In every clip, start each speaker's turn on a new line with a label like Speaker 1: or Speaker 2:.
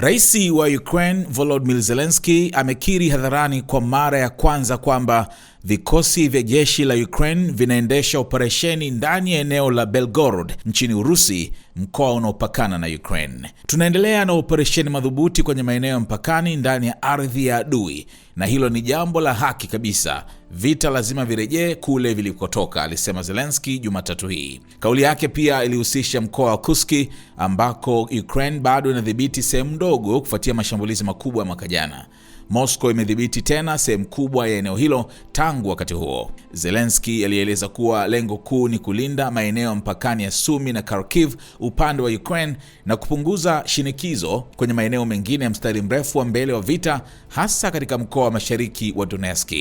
Speaker 1: Rais wa Ukraine Volodymyr Zelensky amekiri hadharani kwa mara ya kwanza kwamba Vikosi vya jeshi la Ukraine vinaendesha operesheni ndani ya eneo la Belgorod nchini Urusi, mkoa unaopakana na Ukraine. Tunaendelea na operesheni madhubuti kwenye maeneo ya mpakani ndani ya ardhi ya adui, na hilo ni jambo la haki kabisa. Vita lazima virejee kule vilikotoka, alisema Zelensky Jumatatu hii. Kauli yake pia ilihusisha mkoa wa Kuski ambako Ukraine bado inadhibiti sehemu ndogo kufuatia mashambulizi makubwa ya mwaka jana. Moscow imedhibiti tena sehemu kubwa ya eneo hilo tangu wakati huo. Zelensky alieleza kuwa lengo kuu ni kulinda maeneo mpakani ya Sumi na Kharkiv upande wa Ukraine na kupunguza shinikizo kwenye maeneo mengine ya mstari mrefu wa mbele wa vita, hasa katika mkoa wa mashariki wa Donetsk.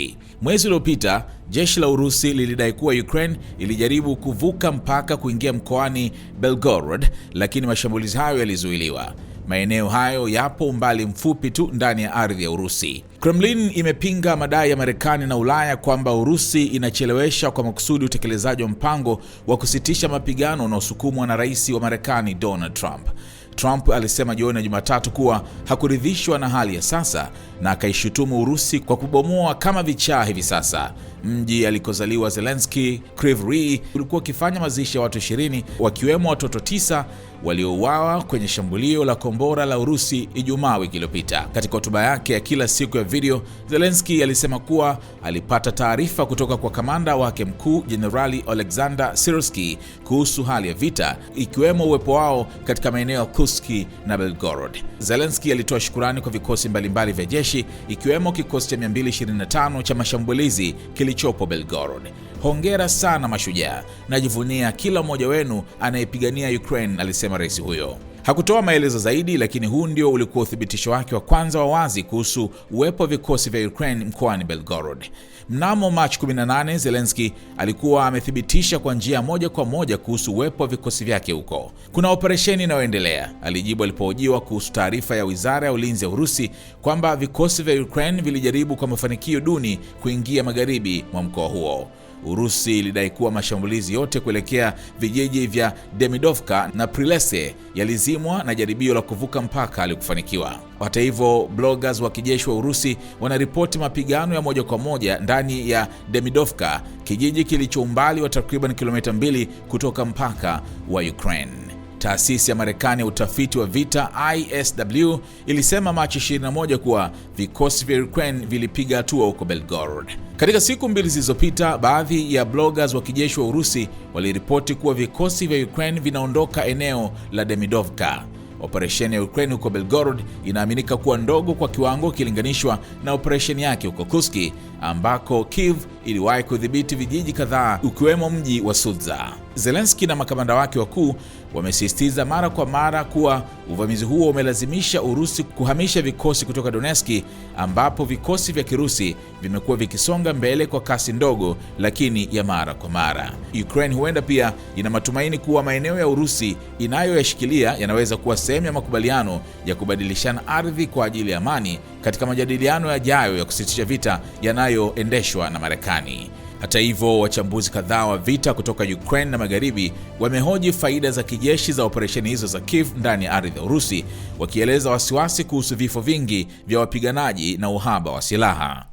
Speaker 1: Mwezi uliopita jeshi la Urusi lilidai kuwa Ukraine ilijaribu kuvuka mpaka kuingia mkoani Belgorod, lakini mashambulizi hayo yalizuiliwa. Maeneo hayo yapo umbali mfupi tu ndani ya ardhi ya Urusi. Kremlin imepinga madai ya Marekani na Ulaya kwamba Urusi inachelewesha kwa makusudi utekelezaji wa mpango wa kusitisha mapigano unaosukumwa na rais wa Marekani Donald Trump. Trump alisema jioni ya Jumatatu kuwa hakuridhishwa na hali ya sasa na akaishutumu Urusi kwa kubomoa kama vichaa hivi sasa mji alikozaliwa Zelensky, Kryvyi, ulikuwa ukifanya mazishi ya watu 20 wakiwemo watoto tisa waliouawa kwenye shambulio la kombora la Urusi Ijumaa wiki iliyopita. Katika hotuba yake ya kila siku ya video, Zelensky alisema kuwa alipata taarifa kutoka kwa kamanda wake mkuu Jenerali Oleksandr sirski kuhusu hali ya vita, ikiwemo uwepo wao katika maeneo ya Kursk na Belgorod. Zelensky alitoa shukurani kwa vikosi mbalimbali vya jeshi, ikiwemo kikosi cha 225 cha mashambulizi kili kilichopo Belgorod. Hongera sana mashujaa, najivunia kila mmoja wenu anayepigania Ukraine, alisema rais huyo. Hakutoa maelezo zaidi, lakini huu ndio ulikuwa uthibitisho wake wa kwanza wa wazi kuhusu uwepo wa vikosi vya Ukraine mkoani Belgorod. Mnamo Machi 18, Zelensky alikuwa amethibitisha kwa njia moja kwa moja kuhusu uwepo wa vikosi vyake huko. Kuna operesheni inayoendelea, alijibu alipohojiwa kuhusu taarifa ya Wizara ya Ulinzi ya Urusi kwamba vikosi vya Ukraine vilijaribu kwa mafanikio duni kuingia magharibi mwa mkoa huo. Urusi ilidai kuwa mashambulizi yote kuelekea vijiji vya Demidovka na Prilese yalizimwa na jaribio la kuvuka mpaka alikufanikiwa. Hata hivyo, bloggers wa kijeshi wa Urusi wanaripoti mapigano ya moja kwa moja ndani ya Demidovka, kijiji kilicho umbali wa takriban kilomita mbili kutoka mpaka wa Ukraine. Taasisi ya Marekani ya utafiti wa vita ISW ilisema Machi 21 kuwa vikosi vya Ukraine vilipiga hatua huko Belgorod. Katika siku mbili zilizopita, baadhi ya bloggers wa kijeshi wa Urusi waliripoti kuwa vikosi vya Ukraine vinaondoka eneo la Demidovka. Operesheni ya Ukraine huko Belgorod inaaminika kuwa ndogo kwa kiwango ikilinganishwa na operesheni yake huko Kuski ambako kiv iliwahi kudhibiti vijiji kadhaa ukiwemo mji wa Sudza. zelenski na makamanda wake wakuu wamesisitiza mara kwa mara kuwa uvamizi huo umelazimisha Urusi kuhamisha vikosi kutoka Donetski ambapo vikosi vya Kirusi vimekuwa vikisonga mbele kwa kasi ndogo lakini ya mara kwa mara. Ukraine huenda pia ina matumaini kuwa maeneo ya Urusi inayoyashikilia yanaweza kuwa sehemu ya makubaliano ya kubadilishana ardhi kwa ajili ya amani katika majadiliano yajayo ya kusitisha vita yanayoendeshwa na Marekani. Hata hivyo, wachambuzi kadhaa wa vita kutoka Ukraine na magharibi wamehoji faida za kijeshi za operesheni hizo za Kiev ndani ya ardhi ya Urusi, wakieleza wasiwasi kuhusu vifo vingi vya wapiganaji na uhaba wa silaha.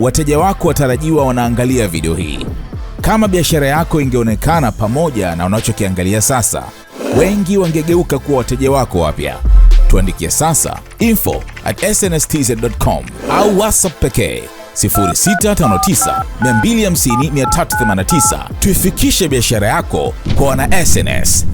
Speaker 2: Wateja wako watarajiwa wanaangalia video hii. Kama biashara yako ingeonekana pamoja na unachokiangalia sasa, wengi wangegeuka kuwa wateja wako wapya. Tuandikie sasa info at snstz.com au whatsapp pekee 0659 Tuifikishe biashara yako kwa wana SnS.